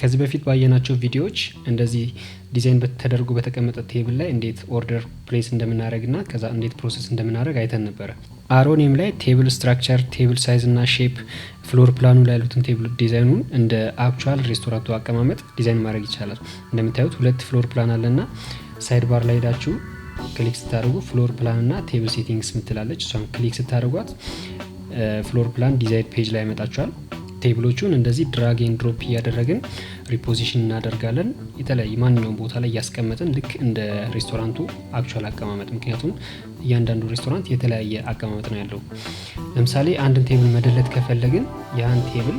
ከዚህ በፊት ባየናቸው ቪዲዮዎች እንደዚህ ዲዛይን ተደርጎ በተቀመጠ ቴብል ላይ እንዴት ኦርደር ፕሌስ እንደምናደረግ ና ከዛ እንዴት ፕሮሰስ እንደምናደረግ አይተን ነበረ። አሮኒም ላይ ቴብል ስትራክቸር፣ ቴብል ሳይዝ ና ሼፕ፣ ፍሎር ፕላኑ ላይ ያሉትን ቴብል ዲዛይኑን እንደ አክቹዋል ሬስቶራንቱ አቀማመጥ ዲዛይን ማድረግ ይቻላል። እንደምታዩት ሁለት ፍሎር ፕላን አለ ና ሳይድ ባር ላይ ሄዳችሁ ክሊክ ስታደርጉ ፍሎር ፕላን ና ቴብል ሴቲንግስ ምትላለች። እሷም ክሊክ ስታደርጓት ፍሎር ፕላን ዲዛይን ፔጅ ላይ ያመጣችኋል። ቴብሎቹን እንደዚህ ድራግ ኤን ድሮፕ እያደረግን ሪፖዚሽን እናደርጋለን። የተለያየ ማንኛውም ቦታ ላይ እያስቀመጥን ልክ እንደ ሬስቶራንቱ አክቹዋል አቀማመጥ፣ ምክንያቱም እያንዳንዱ ሬስቶራንት የተለያየ አቀማመጥ ነው ያለው። ለምሳሌ አንድን ቴብል መደለት ከፈለግን ያን ቴብል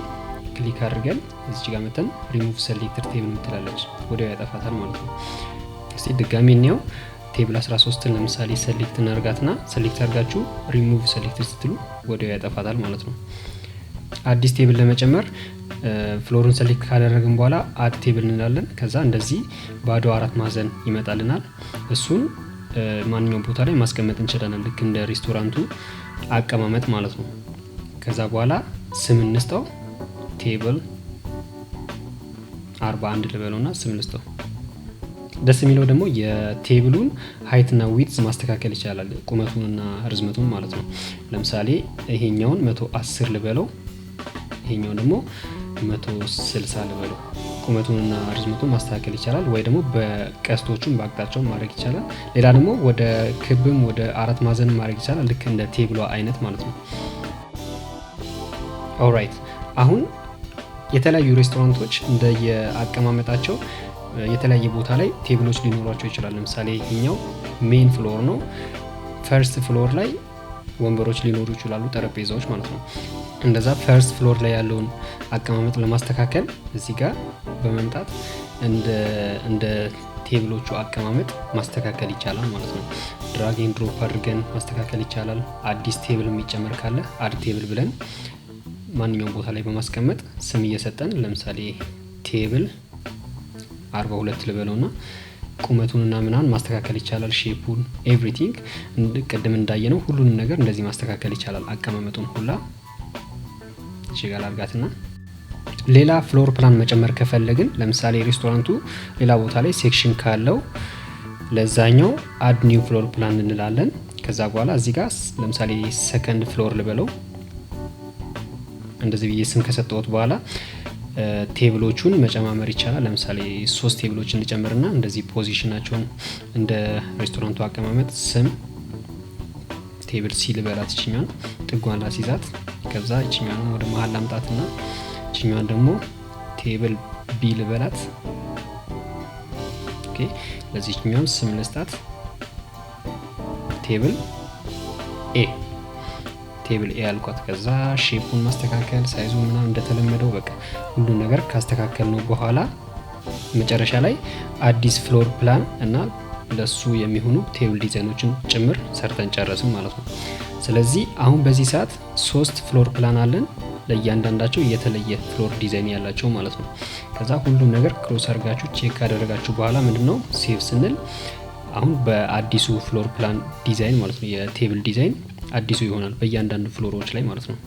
ክሊክ አድርገን እዚች ጋር መተን ሪሙቭ ሰሌክትር ቴብል ምትላለች ወዲያው ያጠፋታል ማለት ነው። እስቲ ድጋሚ እኒያው ቴብል 13ን ለምሳሌ ሰሌክት እናርጋትና ሰሌክት አርጋችሁ ሪሙቭ ሰሌክትር ስትሉ ወዲያው ያጠፋታል ማለት ነው። አዲስ ቴብል ለመጨመር ፍሎሩን ሰሌክት ካደረግን በኋላ አድ ቴብል እንላለን። ከዛ እንደዚህ ባዶ አራት ማዕዘን ይመጣልናል። እሱን ማንኛውም ቦታ ላይ ማስቀመጥ እንችላለን፣ ልክ እንደ ሬስቶራንቱ አቀማመጥ ማለት ነው። ከዛ በኋላ ስም እንስጠው፣ ቴብል 41 ልበለውና ስም እንስጠው። ደስ የሚለው ደግሞ የቴብሉን ሀይትና ዊድዝ ማስተካከል ይቻላል፣ ቁመቱንና ርዝመቱን ማለት ነው። ለምሳሌ ይሄኛውን 110 ልበለው ይሄኛው ደግሞ 160 ስልሳ ልበለው ቁመቱንና ርዝመቱን ማስተካከል ይቻላል፣ ወይ ደግሞ በቀስቶቹን በአቅጣቸውን ማድረግ ይቻላል። ሌላ ደግሞ ወደ ክብም ወደ አራት ማዕዘን ማድረግ ይቻላል፣ ልክ እንደ ቴብሎ አይነት ማለት ነው። ኦራይት አሁን የተለያዩ ሬስቶራንቶች እንደየአቀማመጣቸው የተለያየ ቦታ ላይ ቴብሎች ሊኖሯቸው ይችላል። ለምሳሌ ይሄኛው ሜን ፍሎር ነው። ፈርስት ፍሎር ላይ ወንበሮች ሊኖሩ ይችላሉ፣ ጠረጴዛዎች ማለት ነው። እንደዛ ፈርስት ፍሎር ላይ ያለውን አቀማመጥ ለማስተካከል እዚህ ጋር በመምጣት እንደ ቴብሎቹ አቀማመጥ ማስተካከል ይቻላል ማለት ነው። ድራጌን ድሮፕ አድርገን ማስተካከል ይቻላል። አዲስ ቴብል የሚጨመር ካለ አድ ቴብል ብለን ማንኛውም ቦታ ላይ በማስቀመጥ ስም እየሰጠን ለምሳሌ ቴብል 42 ልበለውና ቁመቱንና ምናምን ማስተካከል ይቻላል። ሼፑን ኤቭሪቲንግ ቅድም እንዳየ ነው። ሁሉንም ነገር እንደዚህ ማስተካከል ይቻላል። አቀማመጡን ሁላ ሽጋል አርጋትና ሌላ ፍሎር ፕላን መጨመር ከፈለግን ለምሳሌ ሬስቶራንቱ ሌላ ቦታ ላይ ሴክሽን ካለው ለዛኛው አድ ኒው ፍሎር ፕላን እንላለን። ከዛ በኋላ እዚህ ጋር ለምሳሌ ሰከንድ ፍሎር ልበለው እንደዚህ ብዬ ስም ከሰጠወት በኋላ ቴብሎቹን መጨማመር ይቻላል። ለምሳሌ ሶስት ቴብሎች እንጨምርና እንደዚህ ፖዚሽናቸውን እንደ ሬስቶራንቱ አቀማመጥ ስም ቴብል ሲልበላት ልበላት ጥጓን ላስይዛት፣ ከዛ ይችኛዋን ወደ መሀል ላምጣትና ይችኛዋን ደግሞ ቴብል ቢ ልበላት። ለዚህ ለዚህኛዋም ስም ልስጣት ቴብል ኤ ቴብል ኤ ያልኳት። ከዛ ሼፑን ማስተካከል ሳይዙ ምናምን እንደተለመደው በቃ ሁሉን ነገር ካስተካከል ነው በኋላ መጨረሻ ላይ አዲስ ፍሎር ፕላን እና ለሱ የሚሆኑ ቴብል ዲዛይኖችን ጭምር ሰርተን ጨረስን ማለት ነው። ስለዚህ አሁን በዚህ ሰዓት ሶስት ፍሎር ፕላን አለን ለእያንዳንዳቸው የተለየ ፍሎር ዲዛይን ያላቸው ማለት ነው። ከዛ ሁሉም ነገር ክሎስ አድርጋችሁ ቼክ ካደረጋችሁ በኋላ ምንድን ነው ሴቭ ስንል አሁን በአዲሱ ፍሎር ፕላን ዲዛይን ማለት ነው የቴብል ዲዛይን አዲሱ ይሆናል በእያንዳንዱ ፍሎሮች ላይ ማለት ነው።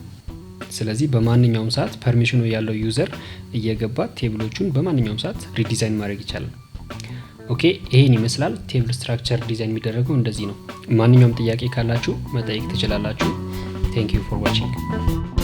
ስለዚህ በማንኛውም ሰዓት ፐርሚሽኑ ያለው ዩዘር እየገባ ቴብሎቹን በማንኛውም ሰዓት ሪዲዛይን ማድረግ ይቻላል። ኦኬ ይሄን ይመስላል። ቴብል ስትራክቸር ዲዛይን የሚደረገው እንደዚህ ነው። ማንኛውም ጥያቄ ካላችሁ መጠየቅ ትችላላችሁ። ቴንክ ዩ ፎር ዋቺንግ